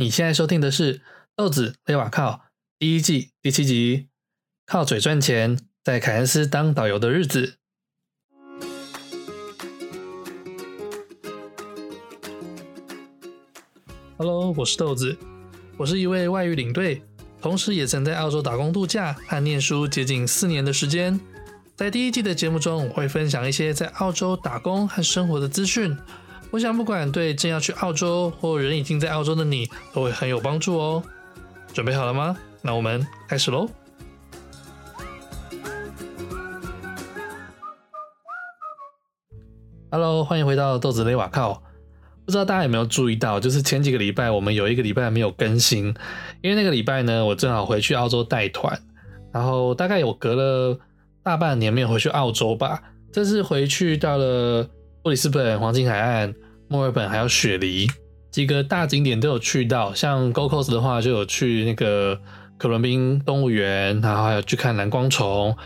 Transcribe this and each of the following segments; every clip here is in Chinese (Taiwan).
你現在收聽的是《豆子勒瓦靠》第一季第七集《靠嘴賺錢：在凱恩斯當導遊的日子》。Hello，我是豆子，我是一位外語領隊，同時也曾在澳洲打工度假和念書接近四年的時間。在第一季的節目中，我會分享一些在澳洲打工和生活的資訊。我想，不管對正要去澳洲或人已經在澳洲的你，都會很有幫助哦。準備好了嗎？那我們開始嘍。Hello，歡迎回到豆子勒瓦靠。不知道大家有沒有注意到，就是前幾個禮拜，我們有一個禮拜沒有更新，因為那個禮拜呢，我正好回去澳洲帶團，然後大概有隔了大半年沒有回去澳洲吧。這次回去到了。布里斯本、黃金海岸、墨爾本，還有雪梨幾個大景點都有去到。像 Gold Coast 的話，就有去那個可倫賓動物園，然後還有去看藍光蟲。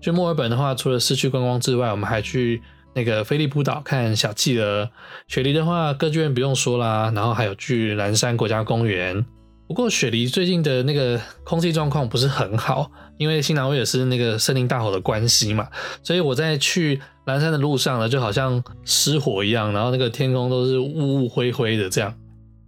去墨爾本的話，除了市區觀光之外，我們還去那個菲利普島看小企鵝。雪梨的話，歌劇院不用說啦，然後還有去藍山國家公園。不過雪梨最近的那個空氣狀況不是很好。因為新南威爾士那個森林大火的關係嘛，所以我在去藍山的路上呢，就好像失火一樣，然後那個天空都是霧霧灰灰的這樣。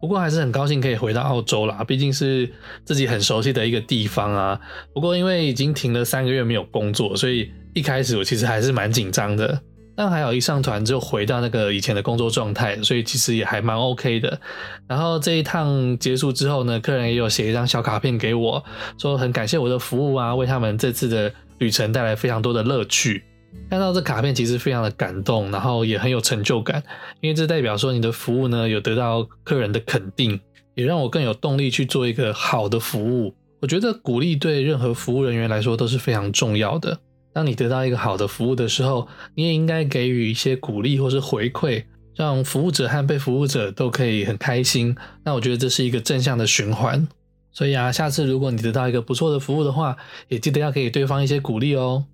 不過還是很高興可以回到澳洲啦，畢竟是自己很熟悉的一個地方啊。不過因為已經停了三個月沒有工作，所以一開始我其實還是蠻緊張的。但還好，一上團就回到那個以前的工作狀態，所以其實也還蠻 OK 的。然後這一趟結束之後呢，客人也有寫一張小卡片給我，說很感謝我的服務啊，為他們這次的旅程帶來非常多的樂趣。看到這卡片其實非常的感動，然後也很有成就感，因為這代表說你的服務呢，有得到客人的肯定，也讓我更有動力去做一個好的服務。我覺得鼓勵對任何服務人員來說都是非常重要的。當你得到一個好的服務的時候，你也應該給予一些鼓勵或是回饋，讓服務者和被服務者都可以很開心。那我覺得這是一個正向的循環。所以啊，下次如果你得到一個不錯的服務的話，也記得要給對方一些鼓勵哦。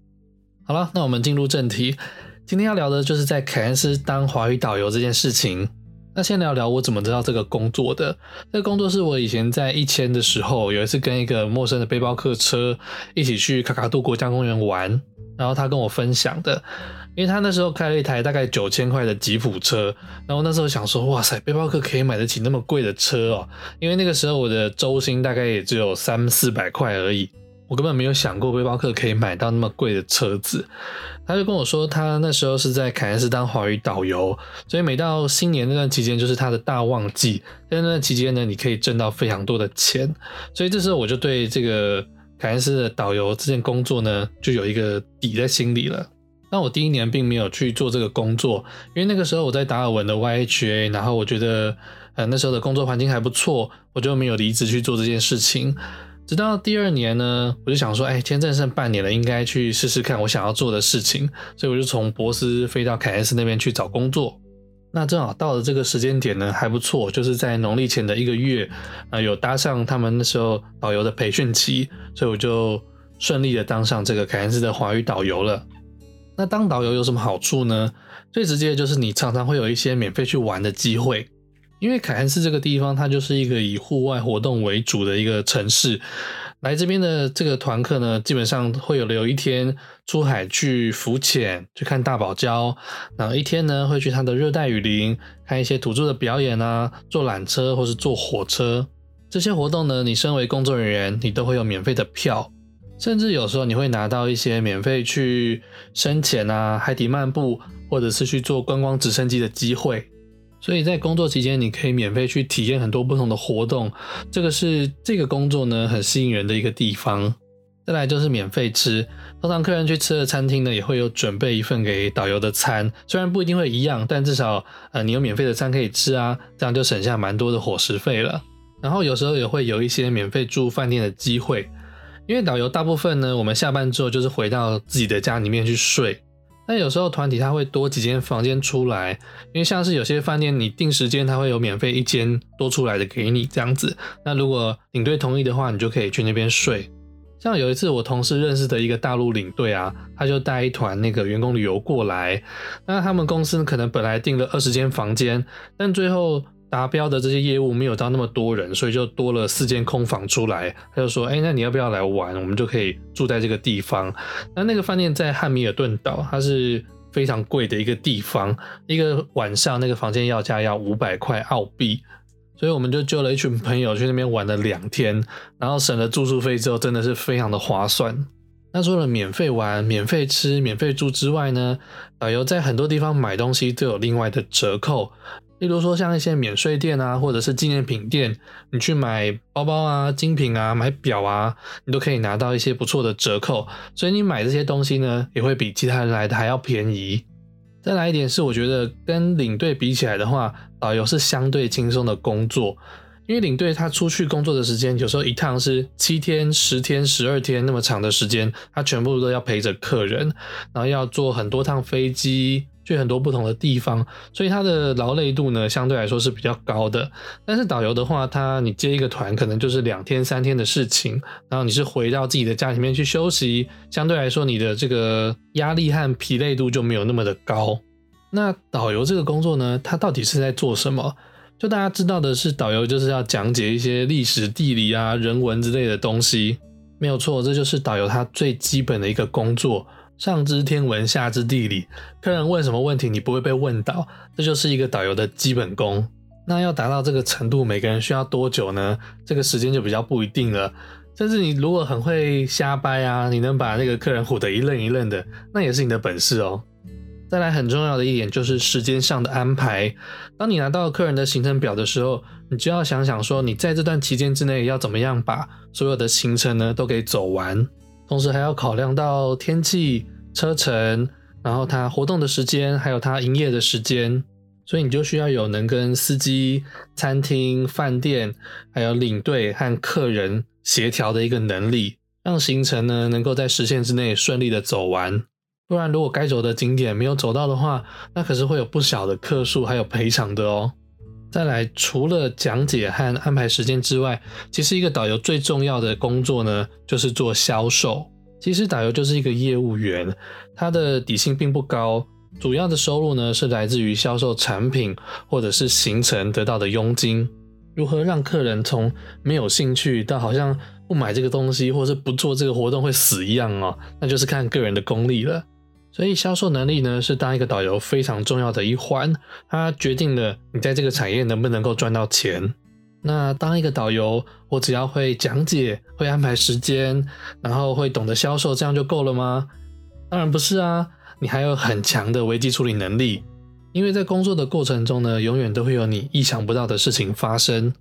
好了，那我們進入正題，今天要聊的就是在凱恩斯當華語導遊這件事情。那先聊聊我怎麼得到這個工作的。這個工作是我以前在一千的時候，有一次跟一個陌生的背包客車一起去卡卡杜國家公園玩。然後他跟我分享的，因為他那時候開了一台大概九千塊的吉普車，然後那時候想說，哇塞，背包客可以買得起那麼貴的車哦，因為那個時候我的周薪大概也只有三四百塊而已，我根本沒有想過背包客可以買到那麼貴的車子。他就跟我說，他那時候是在凱恩斯當華語導遊，所以每到新年那段期間就是他的大旺季，在那段期間呢，你可以掙到非常多的錢，所以這時候我就對這個。凱恩斯的導遊這件工作呢，就有一個底在心裡了。那我第一年並沒有去做這個工作，因為那個時候我在達爾文的 YHA，然後我覺得呃那時候的工作環境還不錯，我就沒有離職去做這件事情。直到第二年呢，我就想說，哎，簽證剩半年了，應該去試試看我想要做的事情。所以我就從博斯飛到凱恩斯那邊去找工作。那正好到了這個時間點呢，還不錯，就是在農曆前的一個月，啊、呃，有搭上他們那時候導遊的培訓期，所以我就順利的當上這個凱恩斯的華語導遊了。那當導遊有什麼好處呢？最直接的就是你常常會有一些免費去玩的機會，因為凱恩斯這個地方它，就是一個以戶外活動為主的一個城市。來這邊的這個團客呢，基本上會有留一天出海去浮潛，去看大堡礁；然後一天呢，會去他的熱帶雨林，看一些土著的表演啊，坐纜車或是坐火車。這些活動呢，你身為工作人員，你都會有免費的票，甚至有時候你會拿到一些免費去深潛啊、海底漫步，或者是去坐觀光直升機的機會。所以在工作期間，你可以免費去體驗很多不同的活動，這個是這個工作呢很吸引人的一個地方。再來就是免費吃，通常客人去吃的餐廳呢也會有準備一份給導遊的餐，雖然不一定會一樣，但至少呃你有免費的餐可以吃啊，這樣就省下蠻多的伙食費了。然後有時候也會有一些免費住飯店的機會，因為導遊大部分呢我們下班之後就是回到自己的家裡面去睡。但有時候團體他會多幾間房間出來，因為像是有些飯店你訂十間，他會有免費一間多出來的給你這樣子。那如果領隊同意的話，你就可以去那邊睡。像有一次我同事認識的一個大陸領隊啊，他就帶一團那個員工旅遊過來，那他們公司可能本來訂了二十間房間，但最後，達標的這些業務沒有招那麼多人，所以就多了四間空房出來。他就說：“哎、欸，那你要不要來玩？我們就可以住在這個地方。”那那個飯店在漢密爾頓島，它是非常貴的一個地方，一個晚上那個房間要價要五百塊澳幣。所以我們就揪了一群朋友去那邊玩了兩天，然後省了住宿費之後，真的是非常的划算。那除了免費玩、免費吃、免費住之外呢，導遊在很多地方買東西都有另外的折扣。例如說像一些免稅店啊，或者是紀念品店，你去買包包啊、精品啊、買錶啊，你都可以拿到一些不錯的折扣。所以你買這些東西呢，也會比其他人來的還要便宜。再來一點是，我覺得跟領隊比起來的話，導遊是相對輕鬆的工作，因為領隊他出去工作的時間，有時候一趟是七天、十天、十二天那麼長的時間，他全部都要陪着客人，然後要坐很多趟飛機。去很多不同的地方，所以它的勞累度呢，相對來說是比較高的。但是導遊的話，他你接一個團，可能就是兩天三天的事情，然後你是回到自己的家裡面去休息，相對來說你的這個壓力和疲累度就沒有那麼的高。那導遊這個工作呢，他到底是在做什麼？就大家知道的是，導遊就是要講解一些歷史、地理啊、人文之類的東西。沒有錯，這就是導遊他最基本的一個工作。上知天文，下知地理，客人問什麼問題，你不會被問倒，這就是一個導遊的基本功。那要達到這個程度，每個人需要多久呢？這個時間就比較不一定了。但是你如果很會瞎掰啊，你能把那個客人唬得一愣一愣的，那也是你的本事哦。再來很重要的一點就是時間上的安排。當你拿到客人的行程表的時候，你就要想想說，你在這段期間之內要怎麼樣把所有的行程呢都給走完，同時還要考量到天氣。車程，然後他活動的時間，還有他營業的時間，所以你就需要有能跟司機、餐廳、飯店，還有領隊和客人協調的一個能力，讓行程呢能夠在時限之內順利的走完。不然，如果該走的景點沒有走到的話，那可是會有不小的客數還有賠償的哦。再來，除了講解和安排時間之外，其實一個導遊最重要的工作呢，就是做銷售。其實導遊就是一個業務員，他的底薪並不高，主要的收入呢是來自於銷售產品或者是行程得到的佣金。如何讓客人從沒有興趣到好像不買這個東西或是不做這個活動會死一樣哦，那就是看個人的功力了。所以銷售能力呢是當一個導遊非常重要的一環，它決定了你在這個產業能不能夠賺到錢。那當一個導遊，我只要會講解、會安排時間，然後會懂得銷售，這樣就夠了嗎？當然不是啊，你還有很強的危機處理能力，因為在工作的過程中呢，永遠都會有你意想不到的事情發生，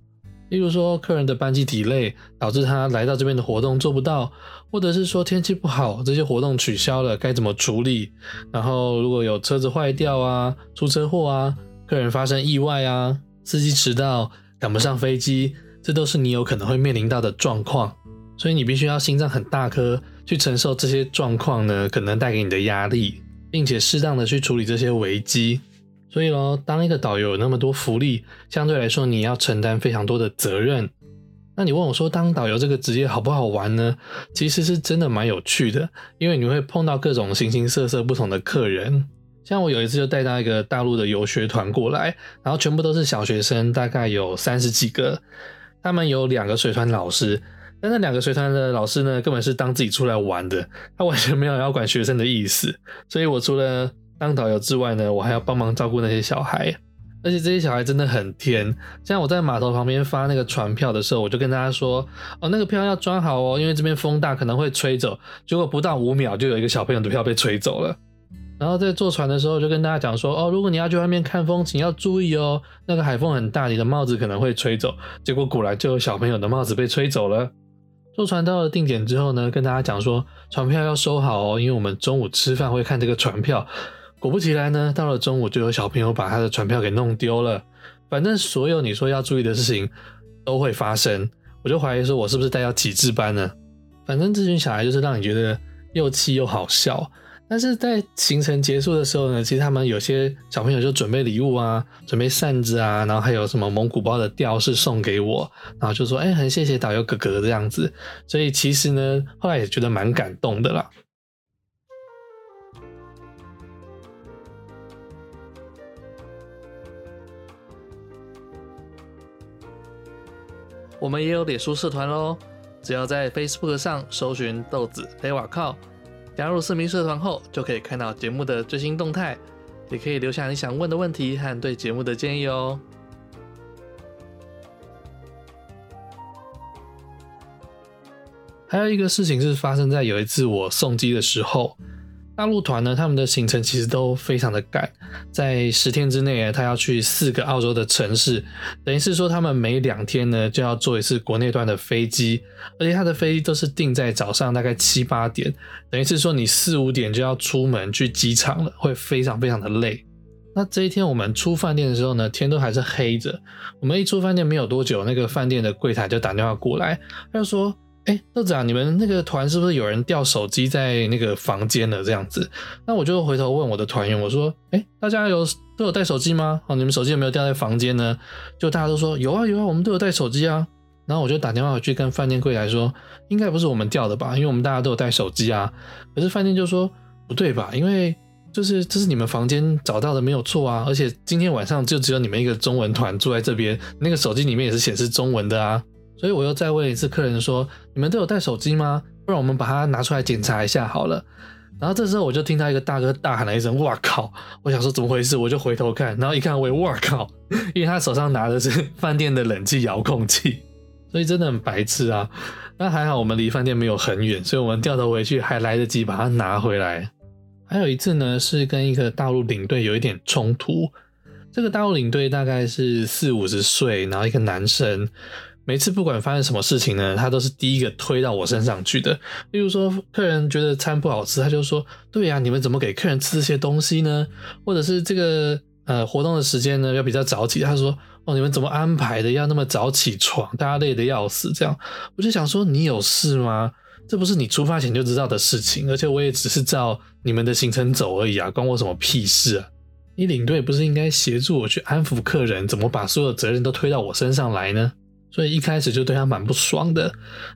例如說客人的班機 delay，導致他來到這邊的活動做不到，或者是說天氣不好，這些活動取消了，該怎麼處理？然後如果有車子壞掉啊、出車禍啊、客人發生意外啊、司機遲到。趕不上飛機，這都是你有可能會面臨到的狀況，所以你必須要心臟很大顆，去承受這些狀況呢，可能帶給你的壓力，並且適當的去處理這些危機。所以咯，當一個導遊有那麼多福利，相對來說你要承擔非常多的責任。那你問我說當導遊這個職業好不好玩呢？其實是真的蠻有趣的，因為你會碰到各種形形色色不同的客人。像我有一次就帶到一個大陸的遊學團過來，然後全部都是小學生，大概有三十幾個。他們有兩個隨團老師，但那兩個隨團的老師呢，根本是當自己出來玩的，他完全沒有要管學生的意思。所以我除了當導遊之外呢，我還要幫忙照顧那些小孩。而且這些小孩真的很甜。像我在碼頭旁邊發那個船票的時候，我就跟大家說：“哦，那個票要裝好哦，因為這邊風大，可能會吹走。”結果不到五秒，就有一個小朋友的票被吹走了。然後在坐船的時候，就跟大家講說哦，如果你要去外面看風景，要注意哦，那個海風很大，你的帽子可能會吹走。結果果然就有小朋友的帽子被吹走了。坐船到了定點之後呢，跟大家講說船票要收好哦，因為我們中午吃飯會看這個船票。果不其然呢，到了中午就有小朋友把他的船票給弄丟了。反正所有你說要注意的事情都會發生，我就懷疑說我是不是帶要體智班呢？反正這群小孩就是讓你覺得又氣又好笑。但是在行程結束的時候呢，其實他們有些小朋友就準備禮物啊，準備扇子啊，然後還有什麼蒙古包的吊飾送給我，然後就說：“哎、欸，很謝謝導遊哥哥的這樣子。”所以其實呢，後來也覺得蠻感動的啦。我們也有臉書社團嘍，只要在 Facebook 上搜尋豆子勒瓦靠，加入私密社團後，就可以看到節目的最新動態，也可以留下你想問的問題和對節目的建議哦。還有一個事情是發生在有一次我送機的時候。大陸團呢，他們的行程其實都非常的趕，在十天之內，他要去四個澳洲的城市，等於是說他們每兩天呢就要坐一次國內段的飛機，而且他的飛機都是定在早上大概七八點，等於是說你四五點就要出門去機場了，會非常非常的累。那這一天我們出飯店的時候呢，天都還是黑着，我們一出飯店沒有多久，那個飯店的櫃台就打電話過來，他就說。哎、欸，豆子啊，你們那個團是不是有人掉手機在那個房間了？這樣子,那我就回頭問我的團員，我說：哎、欸，大家有都有帶手機嗎？哦，你們手機有沒有掉在房間呢？就大家都說有啊有啊，我們都有帶手機啊。然後我就打電話回去跟飯店櫃台說：應該不是我們掉的吧？因為我們大家都有帶手機啊。可是飯店就說不對吧？因為就是這、就是你們房間找到的，沒有錯啊。而且今天晚上就只有你們一個中文團住在這邊，那個手機裡面也是顯示中文的啊。所以我又再問一次客人說：“你們都有帶手機嗎？不然我們把它拿出來檢查一下好了。”然後這時候我就聽到一個大哥大喊了一聲：“我靠！”我想說怎麼回事，我就回頭看，然後一看我靠，因為他手上拿的是飯店的冷氣遙控器，所以真的很白痴啊。但還好我們離飯店沒有很遠，所以我們掉頭回去還來得及把它拿回來。還有一次呢，是跟一個大陸領隊有一點衝突。這個大陸領隊大概是四五十歲，然後一個男生。每次不管發生什麼事情呢，他都是第一個推到我身上去的。例如說，客人覺得餐不好吃，他就說：“對呀，你們怎麼給客人吃這些東西呢？”或者是這個呃活動的時間呢要比較早起，他就說：“哦，你們怎麼安排的？要那麼早起床，大家累得要死。”這樣我就想說：“你有事嗎？這不是你出發前就知道的事情，而且我也只是照你們的行程走而已啊，關我什麼屁事啊？你領隊不是應該協助我去安撫客人，怎麼把所有責任都推到我身上來呢？”所以一開始就對他蠻不爽的，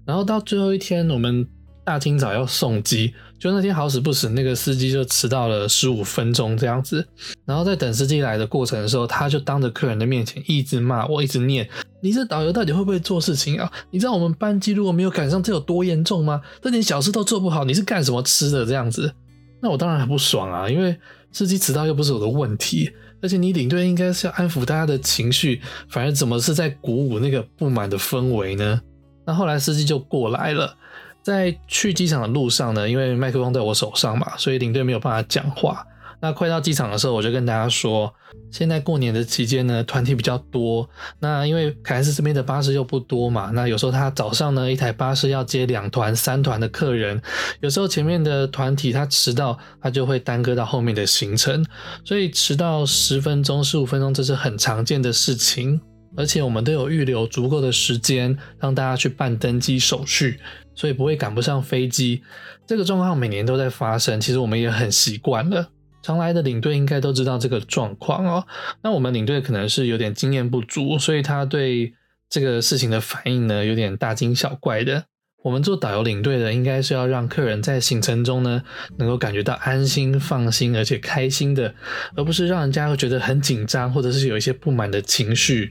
然後到最後一天，我們大清早要送機，就那天好死不死，那個司機就遲到了十五分鐘這樣子，然後在等司機來的過程的時候，他就當着客人的面前一直罵我，一直念你這導遊到底會不會做事情啊？你知道我們班機如果沒有趕上，這有多嚴重嗎？這點小事都做不好，你是幹什麼吃的這樣子？那我當然很不爽啊，因為司機遲到又不是我的問題。而且你領隊應該是要安撫大家的情緒，反而怎麼是在鼓舞那個不滿的氛圍呢？那後來司機就過來了，在去機場的路上呢，因為麥克風在我手上嘛，所以領隊沒有辦法講話。那快到機場的時候，我就跟大家說，現在過年的期間呢，團體比較多。那因為凱恩斯這邊的巴士又不多嘛，那有時候他早上呢，一台巴士要接兩團、三團的客人，有時候前面的團體他遲到，他就會耽擱到後面的行程。所以遲到十分鐘、十五分鐘這是很常見的事情。而且我們都有預留足夠的時間讓大家去辦登機手續，所以不會趕不上飛機。這個狀況每年都在發生，其實我們也很習慣了。常來的領隊應該都知道這個狀況哦。那我們領隊可能是有點經驗不足，所以他對這個事情的反應呢有點大驚小怪的。我們做導遊領隊的，應該是要讓客人在行程中呢能夠感覺到安心、放心，而且開心的，而不是讓人家會覺得很緊張，或者是有一些不滿的情緒。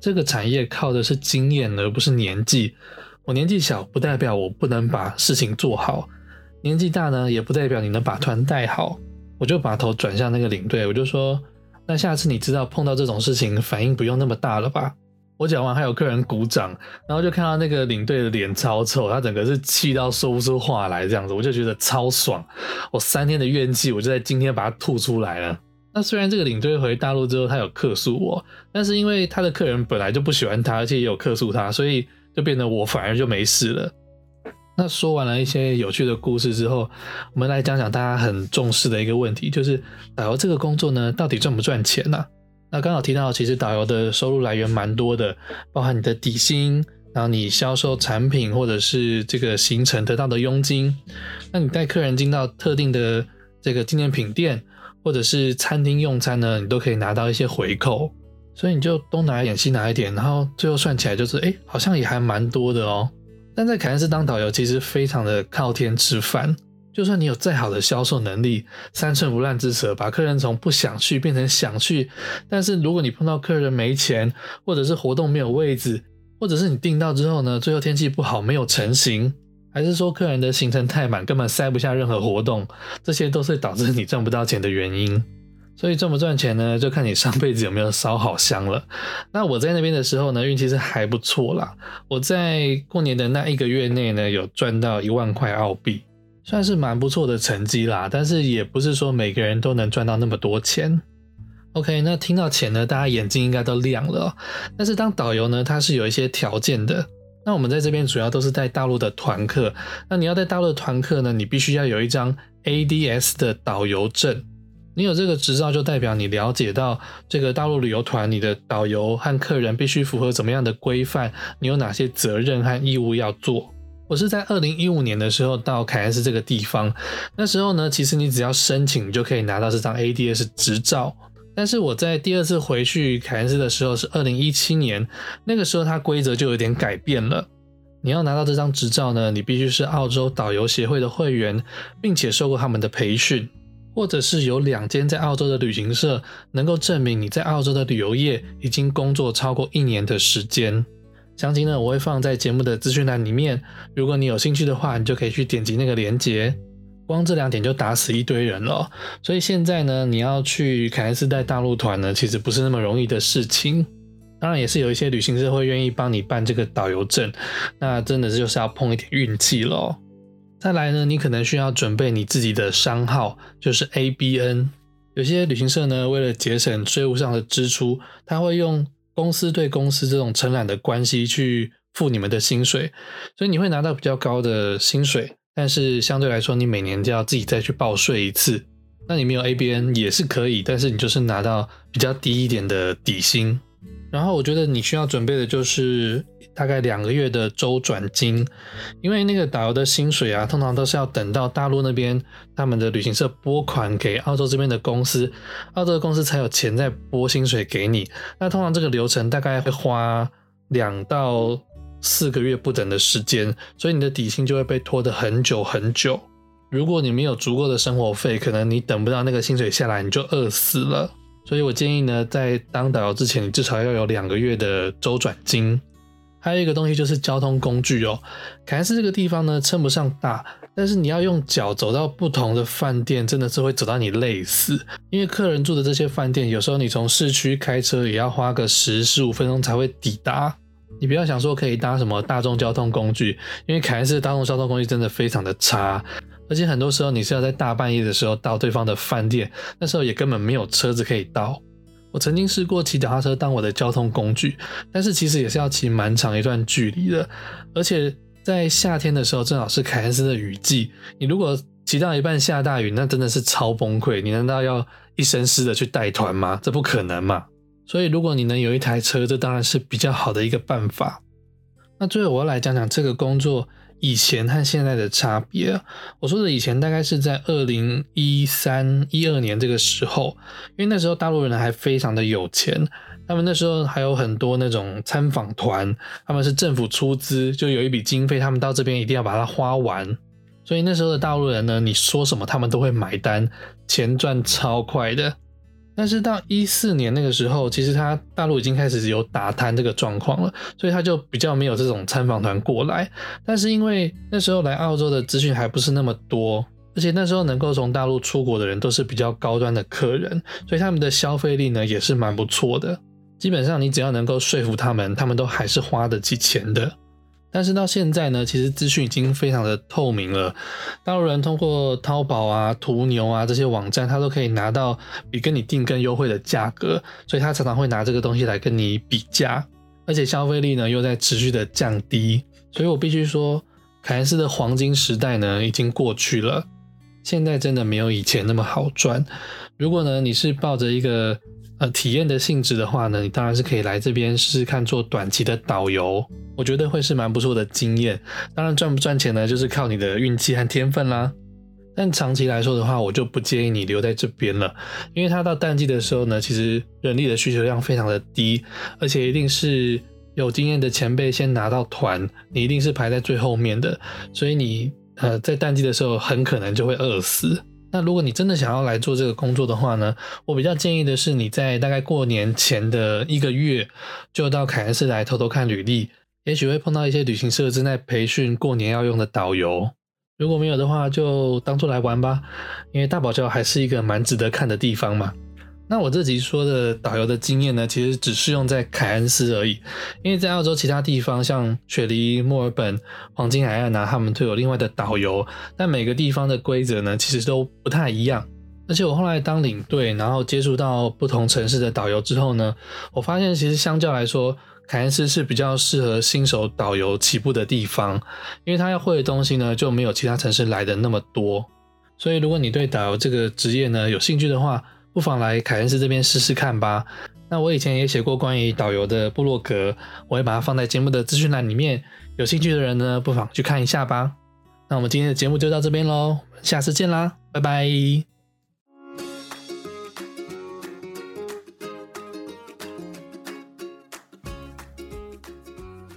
這個產業靠的是經驗，而不是年紀。我年紀小不代表我不能把事情做好，年紀大呢也不代表你能把團帶好。我就把頭轉向那個領隊，我就說：“那下次你知道碰到這種事情，反應不用那麼大了吧？”我講完還有客人鼓掌，然後就看到那個領隊的臉超臭，他整個是氣到說不出話來這樣子，我就覺得超爽。我三天的怨氣，我就在今天把它吐出來了。那雖然這個領隊回大陸之後，他有客訴我，但是因為他的客人本來就不喜歡他，而且也有客訴他，所以就變得我反而就沒事了。那說完了一些有趣的故事之後，我們來講講大家很重視的一個問題，就是導遊這個工作呢，到底賺不賺錢呢、啊？那剛好提到的，其實導遊的收入來源蠻多的，包含你的底薪，然後你銷售產品或者是這個行程得到的佣金，那你帶客人進到特定的這個紀念品店或者是餐廳用餐呢，你都可以拿到一些回扣，所以你就東拿一點西拿一點，然後最後算起來就是，哎，好像也還蠻多的哦。但在凱恩斯當導遊其實非常的靠天吃飯，就算你有再好的銷售能力，三寸不爛之舌把客人從不想去變成想去，但是如果你碰到客人沒錢，或者是活動沒有位置，或者是你訂到之後呢，最後天氣不好沒有成行，還是說客人的行程太滿，根本塞不下任何活動，這些都是導致你賺不到錢的原因。所以賺不賺錢呢，就看你上輩子有沒有燒好香了。那我在那邊的時候呢，運氣是還不錯啦。我在過年的那一個月內呢，有賺到一萬塊澳幣，算是蠻不錯的成績啦。但是也不是說每個人都能賺到那麼多錢。OK，那聽到錢呢，大家眼睛應該都亮了喔。但是當導遊呢，他是有一些條件的。那我們在這邊主要都是帶大陸的團客。那你要帶大陸的團客呢，你必須要有一張 ADS 的導遊證。你有這個執照，就代表你了解到這個大陸旅游團，你的導遊和客人必須符合怎麼樣的規範，你有哪些責任和義務要做。我是在二零一五年的時候到凱恩斯這個地方，那時候呢，其實你只要申請就可以拿到這張 ADS 執照。但是我在第二次回去凱恩斯的時候是二零一七年，那個時候它規則就有點改變了。你要拿到這張執照呢，你必須是澳洲導遊協會的會員，並且受過他們的培訓。或者是有兩間在澳洲的旅行社能夠證明你在澳洲的旅遊業已經工作超過一年的時間。詳情呢，我會放在節目的資訊欄裡面。如果你有興趣的話，你就可以去點擊那個鏈接。光這兩點就打死一堆人了。所以現在呢，你要去凱恩斯帶大陸團呢，其實不是那麼容易的事情。當然也是有一些旅行社會願意幫你辦這個導遊證，那真的是就是要碰一點運氣咯。再來呢，你可能需要準備你自己的商號，就是 ABN。有些旅行社呢，為了節省稅務上的支出，他會用公司對公司這種承攬的關係去付你們的薪水，所以你會拿到比較高的薪水，但是相對來說，你每年就要自己再去報稅一次。那你沒有 ABN 也是可以，但是你就是拿到比較低一點的底薪。然後我覺得你需要準備的就是，大概兩個月的周轉金，因為那個導遊的薪水啊，通常都是要等到大陸那邊他們的旅行社撥款給澳洲這邊的公司，澳洲的公司才有錢再撥薪水給你。那通常這個流程大概會花兩到四個月不等的時間，所以你的底薪就會被拖得很久很久。如果你沒有足夠的生活費，可能你等不到那個薪水下來，你就餓死了。所以我建議呢，在當導遊之前，你至少要有兩個月的周轉金。還有一個東西就是交通工具哦，凱恩斯這個地方呢，稱不上大，但是你要用腳走到不同的飯店，真的是會走到你累死。因為客人住的這些飯店，有時候你從市區開車也要花個十十五分鐘才會抵達。你不要想說可以搭什麼大眾交通工具，因為凱恩斯的大眾交通工具真的非常的差，而且很多時候你是要在大半夜的時候到對方的飯店，那時候也根本沒有車子可以到。我曾經試過騎腳踏車當我的交通工具，但是其實也是要騎蠻長一段距離的，而且在夏天的時候正好是凱恩斯的雨季，你如果騎到一半下大雨，那真的是超崩潰。你難道要一身濕的去帶團嗎？這不可能嘛。所以如果你能有一台車，這當然是比較好的一個辦法。那最後我要來講講這個工作，以前和現在的差別，我說的以前大概是在2013、12年這個時候，因為那時候大陸人還非常的有錢，他們那時候還有很多那種參訪團，他們是政府出資，就有一筆經費，他們到這邊一定要把它花完，所以那時候的大陸人呢，你說什麼他們都會買單，錢賺超快的。但是到一四年那個時候，其實他大陸已經開始有打貪這個狀況了，所以他就比較沒有這種參訪團過來。但是因為那時候來澳洲的資訊還不是那麼多，而且那時候能夠從大陸出國的人都是比較高端的客人，所以他們的消費力呢也是蠻不錯的。基本上你只要能夠說服他們，他們都還是花得起錢的。但是到現在呢，其實資訊已經非常的透明了。大陸人通過淘寶啊、途牛啊這些網站，他都可以拿到比跟你訂更優惠的價格，所以他常常會拿這個東西來跟你比價。而且消費力呢又在持續的降低，所以我必須說，凱恩斯的黃金時代呢已經過去了。現在真的沒有以前那麼好賺。如果呢你是抱着一個呃，體驗的性質的話呢，你當然是可以來這邊試試看做短期的導遊，我覺得會是蠻不錯的經驗。當然賺不賺錢呢，就是靠你的運氣和天分啦。但長期來說的話，我就不建議你留在這邊了，因為他到淡季的時候呢，其實人力的需求量非常的低，而且一定是有經驗的前輩先拿到團，你一定是排在最後面的，所以你呃在淡季的時候很可能就會餓死。那如果你真的想要來做這個工作的話呢，我比較建議的是你在大概過年前的一個月就到凱恩斯來投投看履歷，也許會碰到一些旅行社正在培訓過年要用的導遊。如果沒有的話，就當作來玩吧，因為大堡礁還是一個蠻值得看的地方嘛。那我這集說的導遊的經驗呢,其實只適用在凱恩斯而已，因為在澳洲其他地方，像雪梨、墨爾本、黃金海岸吶、啊,他們都有另外的導遊。但每個地方的規則呢,其實都不太一樣。而且我後來當領隊,然後接觸到不同城市的導遊之後呢,我發現其實相較來說，凱恩斯是比較適合新手導遊起步的地方,因為他要會的東西呢,就沒有其他城市來的那麽多。所以如果你對導遊這個職業呢有興趣的話，不妨來凱恩斯這邊試試看吧。那我以前也寫過關於導遊的部落格，我也把它放在節目的資訊欄裡面。有興趣的人呢，不妨去看一下吧。那我們今天的節目就到這邊嘍，下次見啦，拜拜！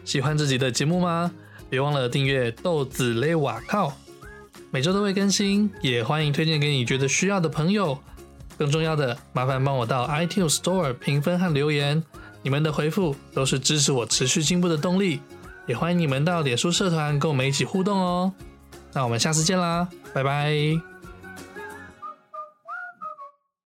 喜歡自己的節目嗎？別忘了訂閱豆子勒瓦靠，每周都會更新，也歡迎推薦給你覺得需要的朋友。更重要的，麻煩幫我到 iTunes Store 評分和留言，你們的回復都是支持我持續進步的動力。也歡迎你們到臉書社團跟我們一起互動哦。那我們下次見啦，拜拜。